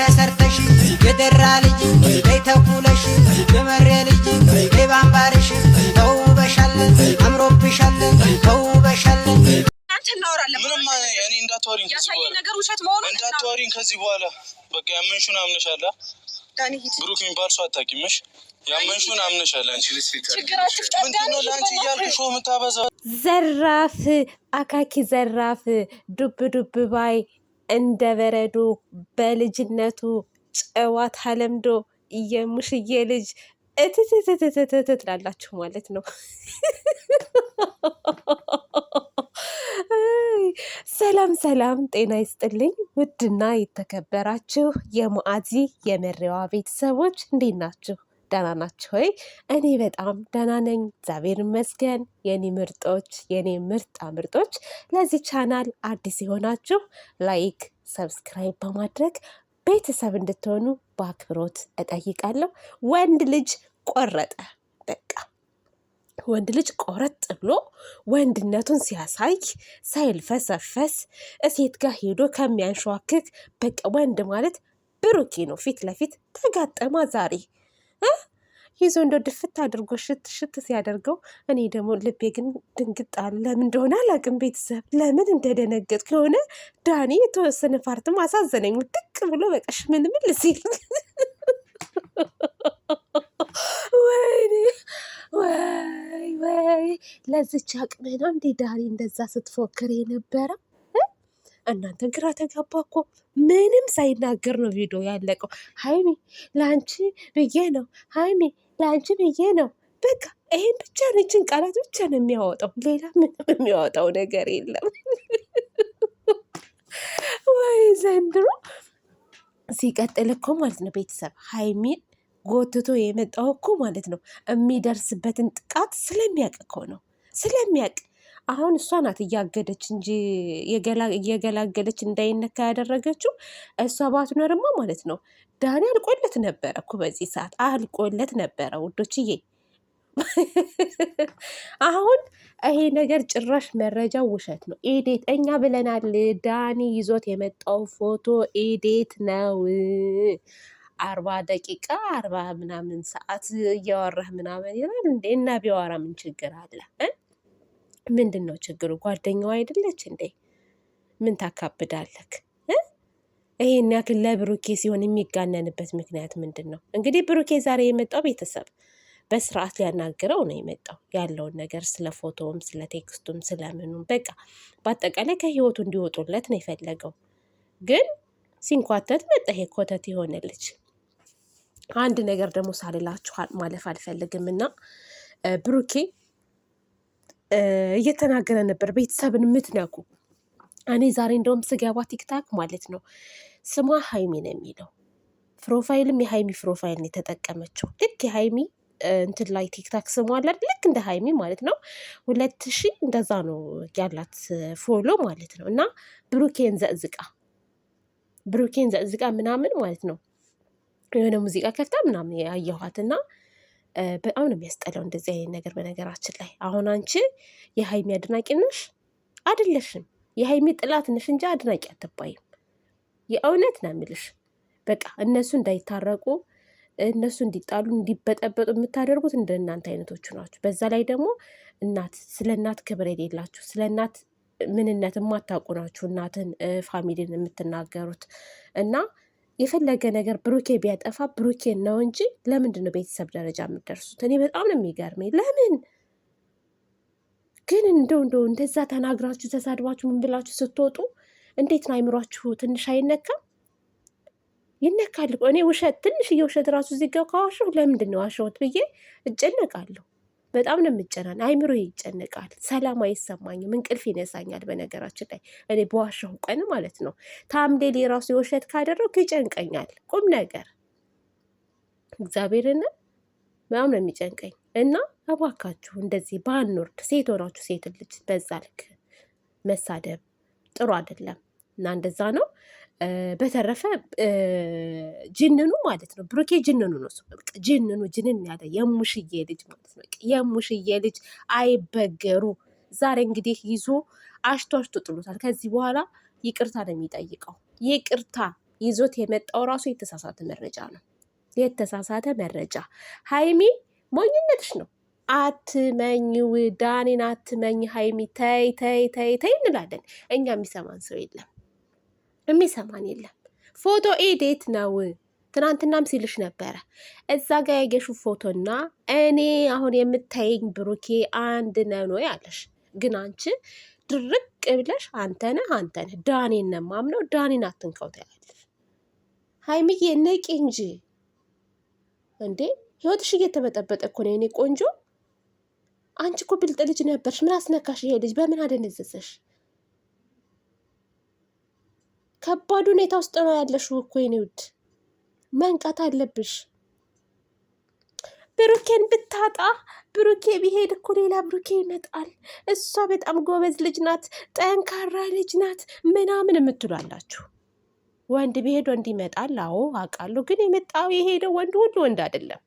ተሰርተሽ የደራ ልጅ በይ ተኩለሽ የመሬ ልጅ በይ ባምባርሽ ተውበሻለን፣ አምሮብሻለን፣ ተውበሻለን። ምንም እኔ እንዳትወሪኝ እንዳትወሪኝ ከዚህ በኋላ በቃ ያመንሹን አምነሻላ ብሩክ የሚባል ሰው አታውቂምሽ። ያመንሹን አምነሻል። አንቺ ምንድነው ለአንቺ እያልኩሽ የምታበዛው ዘራፍ አካኪ ዘራፍ ዱብ ዱብ ባይ እንደ በረዶ በልጅነቱ ጨዋታ ለምዶ የሙሽዬ ልጅ እትትትትትት ትላላችሁ ማለት ነው። ሰላም ሰላም፣ ጤና ይስጥልኝ ውድና የተከበራችሁ የሙአዚ የመሪዋ ቤተሰቦች እንዴት ናችሁ? ደህና ናችሁ ወይ? እኔ በጣም ደህና ነኝ፣ እግዚአብሔር ይመስገን። የኔ ምርጦች፣ የኔ ምርጣ ምርጦች፣ ለዚህ ቻናል አዲስ የሆናችሁ ላይክ፣ ሰብስክራይብ በማድረግ ቤተሰብ እንድትሆኑ በአክብሮት እጠይቃለሁ። ወንድ ልጅ ቆረጠ፣ በቃ ወንድ ልጅ ቆረጥ ብሎ ወንድነቱን ሲያሳይ ሳይልፈሰፈስ እሴት ጋር ሄዶ ከሚያንሸዋክክ በቃ ወንድ ማለት ብሩኪ ነው። ፊት ለፊት ተጋጠማ ዛሬ ይዞ እንደ ድፍት አድርጎ ሽት ሽት ሲያደርገው እኔ ደግሞ ልቤ ግን ድንግጥ አለ። ለምን እንደሆነ አላውቅም። ቤተሰብ ለምን እንደደነገጥ ከሆነ ዳኒ የተወሰነ ፓርትም አሳዘነኝ። ምጥቅ ብሎ በቃ ሽምልምል ሲል ወይኔ ወይ ወይ ለዚች አቅሜ ነው እንዴ ዳኒ እንደዛ ስትፎክር የነበረው እናንተ ግራ ተጋባ እኮ። ምንም ሳይናገር ነው ቪዲዮ ያለቀው። ሀይሚ ለአንቺ ብዬ ነው፣ ሀይሚ ለአንቺ ብዬ ነው። በቃ ይሄን ብቻ ነው፣ ይችን ቃላት ብቻ ነው የሚያወጣው። ሌላ ምንም የሚያወጣው ነገር የለም። ወይ ዘንድሮ ሲቀጥል እኮ ማለት ነው ቤተሰብ ሀይሚን ጎትቶ የመጣው እኮ ማለት ነው የሚደርስበትን ጥቃት ስለሚያውቅ እኮ ነው ስለሚያቅ አሁን እሷ ናት እያገደች እንጂ እየገላገለች እንዳይነካ ያደረገችው እሷ ባትኖርማ ማለት ነው። ዳኒ አልቆለት ነበረ እኮ በዚህ ሰዓት አልቆለት ነበረ ውዶችዬ። አሁን ይሄ ነገር ጭራሽ መረጃ ውሸት ነው። ኤዴት እኛ ብለናል። ዳኒ ይዞት የመጣው ፎቶ ኤዴት ነው። አርባ ደቂቃ አርባ ምናምን ሰዓት እያወራህ ምናምን ይላል እንዴ እና ቢያወራ ምን ችግር አለ? ምንድን ነው ችግሩ? ጓደኛዋ አይደለች እንዴ? ምን ታካብዳለክ? ይሄን ያክል ለብሩኬ ሲሆን የሚጋነንበት ምክንያት ምንድን ነው? እንግዲህ ብሩኬ ዛሬ የመጣው ቤተሰብ በስርዓት ሊያናግረው ነው የመጣው ያለውን ነገር ስለ ፎቶውም፣ ስለ ቴክስቱም፣ ስለ ምኑም በቃ በአጠቃላይ ከህይወቱ እንዲወጡለት ነው የፈለገው። ግን ሲንኳተት መጣ ይሄ ኮተት የሆነ ልጅ። አንድ ነገር ደግሞ ሳልላችኋል ማለፍ አልፈልግም እና ብሩኬ እየተናገረ ነበር። ቤተሰብን የምትነኩ እኔ ዛሬ እንደውም ስገባ ቲክታክ ማለት ነው ስሟ ሀይሚ ነው የሚለው ፕሮፋይልም የሀይሚ ፕሮፋይል የተጠቀመችው። ልክ የሀይሚ እንትን ላይ ቲክታክ ስሟ አላል ልክ እንደ ሀይሚ ማለት ነው። ሁለት ሺ እንደዛ ነው ያላት ፎሎ ማለት ነው። እና ብሩኬን ዘእዝቃ ብሩኬን ዘእዝቃ ምናምን ማለት ነው የሆነ ሙዚቃ ከፍታ ምናምን ያየኋት እና በጣም ነው የሚያስጠላው እንደዚህ አይነት ነገር። በነገራችን ላይ አሁን አንቺ የሀይሚ አድናቂ ነሽ አይደለሽም? የሀይሚ ጥላት ነሽ እንጂ አድናቂ አትባይም። የእውነት ነው የምልሽ። በቃ እነሱ እንዳይታረቁ እነሱ እንዲጣሉ እንዲበጠበጡ የምታደርጉት እንደ እናንተ አይነቶቹ ናችሁ። በዛ ላይ ደግሞ እናት ስለ እናት ክብር የሌላችሁ ስለ እናት ምንነት የማታውቁ ናችሁ እናትን ፋሚሊን የምትናገሩት እና የፈለገ ነገር ብሩኬ ቢያጠፋ ብሩኬን ነው እንጂ ለምንድን ነው ቤተሰብ ደረጃ የምደርሱት? እኔ በጣም ነው የሚገርመኝ። ለምን ግን እንደው እንደው እንደዛ ተናግራችሁ ተሳድባችሁ ምን ብላችሁ ስትወጡ እንዴት ነው አይምሯችሁ ትንሽ አይነካም? ይነካል እኔ ውሸት ትንሽዬ ውሸት እራሱ እዚህ ጋ ካዋሸሁ ለምንድን ነው ዋሸሁት ብዬ እጨነቃለሁ። በጣም ነው የምጨናን፣ አይምሮ ይጨነቃል፣ ሰላም አይሰማኝም፣ እንቅልፍ ይነሳኛል። በነገራችን ላይ እኔ በዋሻው ቀን ማለት ነው ታምሌ የራሱ የውሸት ካደረው ይጨንቀኛል። ቁም ነገር እግዚአብሔርን በጣም ነው የሚጨንቀኝ እና እባካችሁ እንደዚህ ባንወርድ፣ ሴት ሆናችሁ ሴት ልጅ በዛ ልክ መሳደብ ጥሩ አይደለም እና እንደዛ ነው። በተረፈ ጅንኑ ማለት ነው ብሩኬ ጅንኑ ነው። ጅንኑ ጅንን ያለ የሙሽዬ ልጅ ማለት ነው። የሙሽዬ ልጅ አይበገሩ። ዛሬ እንግዲህ ይዞ አሽቶ አሽቶ ጥሎታል። ከዚህ በኋላ ይቅርታ ነው የሚጠይቀው። ይቅርታ ይዞት የመጣው ራሱ የተሳሳተ መረጃ ነው። የተሳሳተ መረጃ ሀይሚ ሞኝነትሽ ነው። አትመኝው ዳኔን አትመኝ ሀይሚ ተይ ተይ ተይ ተይ እንላለን እኛ የሚሰማን ሰው የለም። የሚሰማን የለም። ፎቶ ኤዴት ነው። ትናንትናም ሲልሽ ነበረ እዛ ጋ ያየሽው ፎቶና እኔ አሁን የምታየኝ ብሩኬ አንድ ነኖ ያለሽ ግን አንቺ ድርቅ ብለሽ አንተነህ አንተነህ ዳኔን ነው የማምነው ዳኔን አትንካው ትያለሽ። ሀይምዬ ንቂ እንጂ እንዴ! ህይወትሽ እየተበጠበጠ እኮ ነው የኔ ቆንጆ። አንቺ እኮ ብልጥ ልጅ ነበርሽ። ምን አስነካሽ? ይሄ ልጅ በምን አደነዘዘሽ? ከባድ ሁኔታ ውስጥ ነው ያለሽ እኮ የኔ ውድ፣ መንቃት አለብሽ። ብሩኬን ብታጣ ብሩኬ ቢሄድ እኮ ሌላ ብሩኬ ይመጣል። እሷ በጣም ጎበዝ ልጅ ናት፣ ጠንካራ ልጅ ናት ምናምን የምትሏላችሁ ወንድ ቢሄድ ወንድ ይመጣል። አዎ አውቃለሁ። ግን የመጣው የሄደው ወንድ ሁሉ ወንድ አይደለም።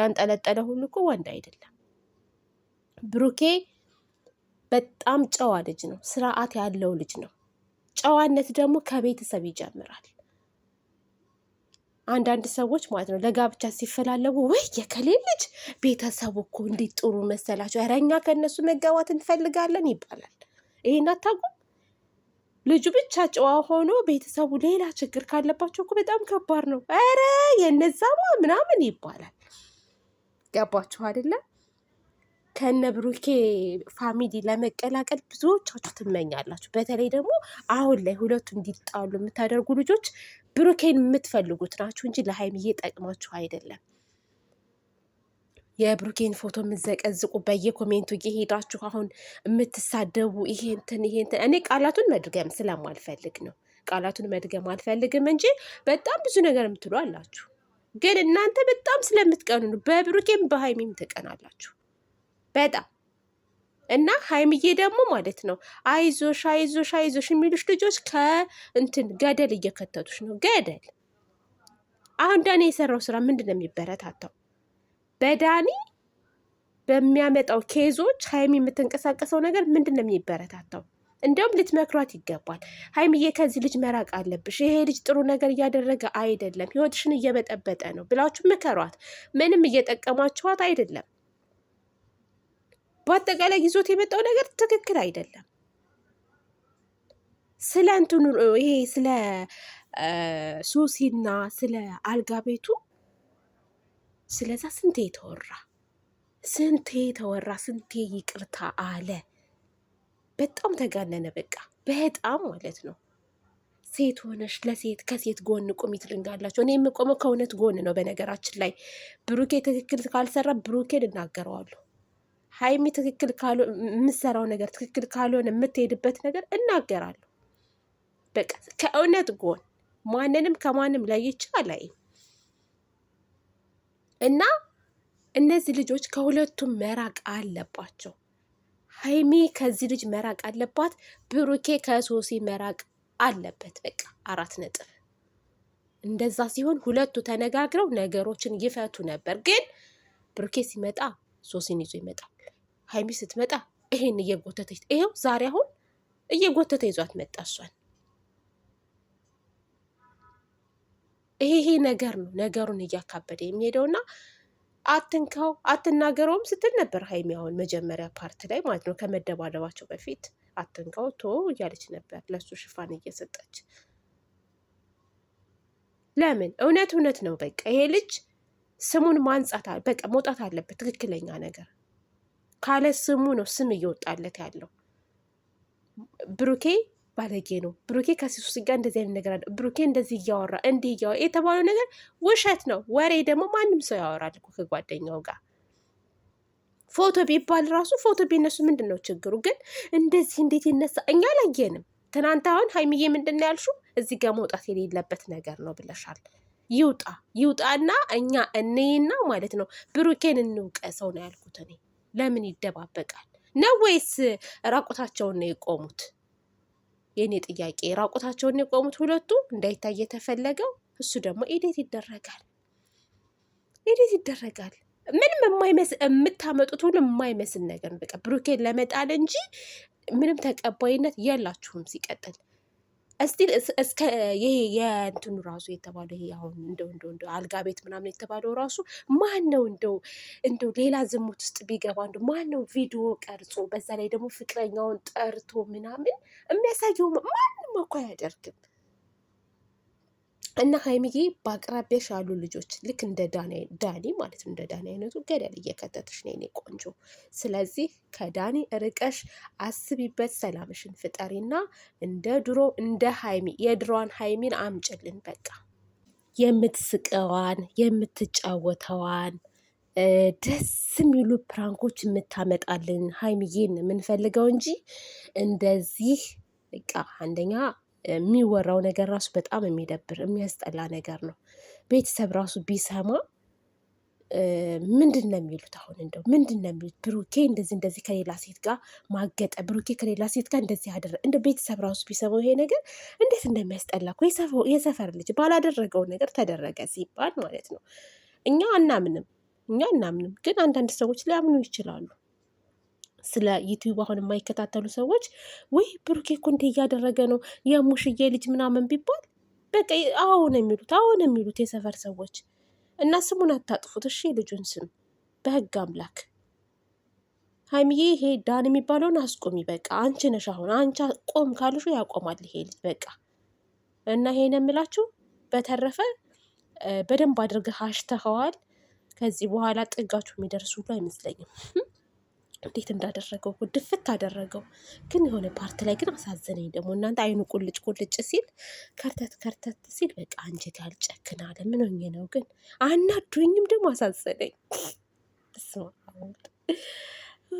ያንጠለጠለ ሁሉ እኮ ወንድ አይደለም። ብሩኬ በጣም ጨዋ ልጅ ነው፣ ስርዓት ያለው ልጅ ነው። ጨዋነት ደግሞ ከቤተሰብ ይጀምራል። አንዳንድ ሰዎች ማለት ነው ለጋብቻ ሲፈላለጉ ወይ የከሌ ልጅ ቤተሰቡ እኮ እንዴት ጥሩ መሰላቸው፣ ኧረ እኛ ከእነሱ መጋባት እንፈልጋለን ይባላል። ይሄን አታውቁም? ልጁ ብቻ ጨዋ ሆኖ ቤተሰቡ ሌላ ችግር ካለባቸው እኮ በጣም ከባድ ነው። ኧረ የነዛማ ምናምን ይባላል። ገባችሁ አይደለም? ከነ ብሩኬ ፋሚሊ ለመቀላቀል ብዙዎቻችሁ ትመኛላችሁ። በተለይ ደግሞ አሁን ላይ ሁለቱ እንዲጣሉ የምታደርጉ ልጆች ብሩኬን የምትፈልጉት ናችሁ እንጂ ለሀይሚዬ ጠቅማችሁ አይደለም። የብሩኬን ፎቶ የምዘቀዝቁ በየኮሜንቱ እየሄዳችሁ አሁን የምትሳደቡ ይሄንትን ይሄንትን፣ እኔ ቃላቱን መድገም ስለማልፈልግ ነው። ቃላቱን መድገም አልፈልግም እንጂ በጣም ብዙ ነገር የምትሉ አላችሁ። ግን እናንተ በጣም ስለምትቀኑ ነው። በብሩኬም በሀይሚም ትቀናላችሁ። በጣም እና ሀይምዬ ደግሞ ማለት ነው አይዞሽ አይዞሽ አይዞሽ የሚሉሽ ልጆች ከእንትን ገደል እየከተቱሽ ነው። ገደል አሁን ዳኒ የሰራው ስራ ምንድን ነው የሚበረታታው? በዳኒ በሚያመጣው ኬዞች ሀይሚ የምትንቀሳቀሰው ነገር ምንድን ነው የሚበረታታው? እንዲሁም ልትመክሯት ይገባል። ሀይምዬ ከዚህ ልጅ መራቅ አለብሽ፣ ይሄ ልጅ ጥሩ ነገር እያደረገ አይደለም፣ ህይወትሽን እየበጠበጠ ነው ብላችሁ ምከሯት። ምንም እየጠቀሟችኋት አይደለም። በአጠቃላይ ይዞት የመጣው ነገር ትክክል አይደለም። ስለ እንትኑ ይሄ ስለ ሶሲና ስለ አልጋ ቤቱ ስለዛ ስንቴ ተወራ፣ ስንቴ ተወራ፣ ስንቴ ይቅርታ አለ። በጣም ተጋነነ። በቃ በጣም ማለት ነው። ሴት ሆነሽ ለሴት ከሴት ጎን ቁሚ ትልንጋላቸው። እኔ የምቆመው ከእውነት ጎን ነው። በነገራችን ላይ ብሩኬ ትክክል ካልሰራ ብሩኬ ልናገረዋለሁ። ሀይሚ ትክክል ካልሆነ የምትሰራው ነገር ትክክል ካልሆነ የምትሄድበት ነገር እናገራለሁ። በቃ ከእውነት ጎን ማንንም ከማንም ለይቼ አላይም እና እነዚህ ልጆች ከሁለቱም መራቅ አለባቸው። ሀይሚ ከዚህ ልጅ መራቅ አለባት። ብሩኬ ከሶሲ መራቅ አለበት። በቃ አራት ነጥብ። እንደዛ ሲሆን ሁለቱ ተነጋግረው ነገሮችን ይፈቱ ነበር። ግን ብሩኬ ሲመጣ ሶሲን ይዞ ይመጣል። ሀይሚ ስትመጣ ይሄን እየጎተተ ይኸው ዛሬ አሁን እየጎተተ ይዟት መጣ እሷን። ይሄ ይሄ ነገር ነው ነገሩን እያካበደ የሚሄደውና አትንካው አትናገረውም ስትል ነበር ሀይሚ አሁን መጀመሪያ ፓርት ላይ ማለት ነው። ከመደባደባቸው በፊት አትንካው ቶ እያለች ነበር ለሱ ሽፋን እየሰጠች ለምን እውነት እውነት ነው። በቃ ይሄ ልጅ ስሙን ማንጻት በቃ መውጣት አለበት። ትክክለኛ ነገር ካለ ስሙ ነው ስም እየወጣለት ያለው። ብሩኬ ባለጌ ነው፣ ብሩኬ ከሲሱ ጋር እንደዚህ አይነት ነገር አለ፣ ብሩኬ እንደዚህ እያወራ እንዲህ እያወራ የተባለው ነገር ውሸት ነው። ወሬ ደግሞ ማንም ሰው ያወራል እኮ ከጓደኛው ጋር ፎቶ ቢባል ራሱ ፎቶ ቢነሱ ምንድን ነው ችግሩ? ግን እንደዚህ እንዴት ይነሳ? እኛ አላየንም። ትናንት አሁን ሀይሚዬ ምንድን ነው ያልሽው? እዚህ ጋር መውጣት የሌለበት ነገር ነው ብለሻል። ይውጣ ይውጣና እኛ እንይና ማለት ነው ብሩኬን እንውቀ ሰው ነው ያልኩት እኔ ለምን ይደባበቃል? ነው ወይስ ራቁታቸውን ነው የቆሙት? የእኔ ጥያቄ ራቁታቸውን የቆሙት ሁለቱ እንዳይታይ የተፈለገው እሱ ደግሞ ኤዴት ይደረጋል፣ ኤዴት ይደረጋል። ምንም የምታመጡት ሁሉ የማይመስል ነገር በቃ ብሩኬን ለመጣል እንጂ ምንም ተቀባይነት የላችሁም ሲቀጥል እስቲል እስከ ይሄ የእንትኑ ራሱ የተባለ ይሄ አሁን እንደው እንደው እንደው አልጋ ቤት ምናምን የተባለው ራሱ ማን ነው እንደው እንደው ሌላ ዝሙት ውስጥ ቢገባ እንደው ማን ነው ቪዲዮ ቀርጾ በዛ ላይ ደግሞ ፍቅረኛውን ጠርቶ ምናምን የሚያሳየው ማንም እኮ አያደርግም። እና ሀይሚዬ በአቅራቢያሽ ያሉ ልጆች ልክ እንደ ዳኒ ማለት እንደ ዳኒ አይነቱ ገደል እየከተተሽ ነው የኔ ቆንጆ። ስለዚህ ከዳኒ ርቀሽ አስቢበት፣ ሰላምሽን ፍጠሪና እንደ ድሮ እንደ ሀይሚ የድሮዋን ሀይሚን አምጭልን። በቃ የምትስቀዋን የምትጫወተዋን ደስ የሚሉ ፕራንኮች የምታመጣልን ሀይሚዬን የምንፈልገው እንጂ እንደዚህ በቃ አንደኛ የሚወራው ነገር ራሱ በጣም የሚደብር የሚያስጠላ ነገር ነው። ቤተሰብ ራሱ ቢሰማ ምንድን ነው የሚሉት? አሁን እንደው ምንድን ነው የሚሉት? ብሩኬ እንደዚህ እንደዚህ ከሌላ ሴት ጋር ማገጠ፣ ብሩኬ ከሌላ ሴት ጋር እንደዚህ አደረ እንደ ቤተሰብ ራሱ ቢሰማው ይሄ ነገር እንዴት እንደሚያስጠላ እኮ የሰፈር ልጅ ባላደረገው ነገር ተደረገ ሲባል ማለት ነው። እኛ አናምንም፣ እኛ አናምንም፣ ግን አንዳንድ ሰዎች ሊያምኑ ይችላሉ። ስለ ዩቲዩብ አሁን የማይከታተሉ ሰዎች ወይ ብሩኬ እኮ እንዲህ እያደረገ ነው የሙሽዬ ልጅ ምናምን ቢባል በቃ አሁን የሚሉት፣ አሁን የሚሉት የሰፈር ሰዎች። እና ስሙን አታጥፉት እሺ፣ ልጁን ስም በህግ አምላክ። ሀይሚዬ ይሄ ዳን የሚባለውን አስቆሚ። በቃ አንቺ ነሽ አሁን አንቺ ቆም ካልሹ ያቆማል ይሄ ልጅ በቃ። እና ይሄን የምላችሁ በተረፈ በደንብ አድርገህ አሽተኸዋል። ከዚህ በኋላ ጥጋችሁ የሚደርሱ ሁሉ አይመስለኝም። እንዴት እንዳደረገው ድፍት አደረገው። ግን የሆነ ፓርት ላይ ግን አሳዘነኝ ደግሞ እናንተ አይኑ ቁልጭ ቁልጭ ሲል ከርተት ከርተት ሲል በቃ አንጀት ያልጨክናለ ምን ሆኜ ነው ግን አናዱኝም ደግሞ አሳዘነኝ።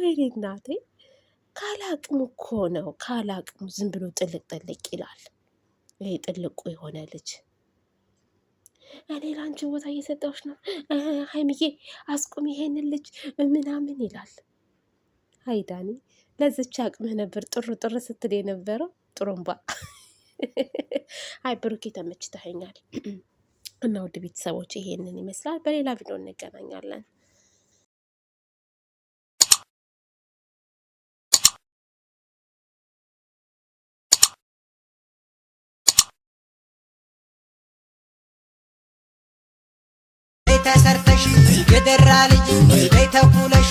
ወይኔ እናቴ ካላቅሙ እኮ ነው ካላቅሙ ዝም ብሎ ጥልቅ ጥልቅ ይላል። ይሄ ጥልቁ የሆነ ልጅ እኔ ለአንቺ ቦታ እየሰጠሁሽ ነው ሀይምዬ፣ አስቁም ይሄንን ልጅ ምናምን ይላል። አይ ዳኒ ለዝቻ አቅምህ ነበር ጥሩ ጥር ስትል የነበረው ጥሩምባ። አይ ብሩኬ ተመችተኸኛል። እና ውድ ቤተሰቦች ይሄንን ይመስላል። በሌላ ቪዲዮ እንገናኛለን። ተሰርተሽ የደራ ልጅ ተኩለሽ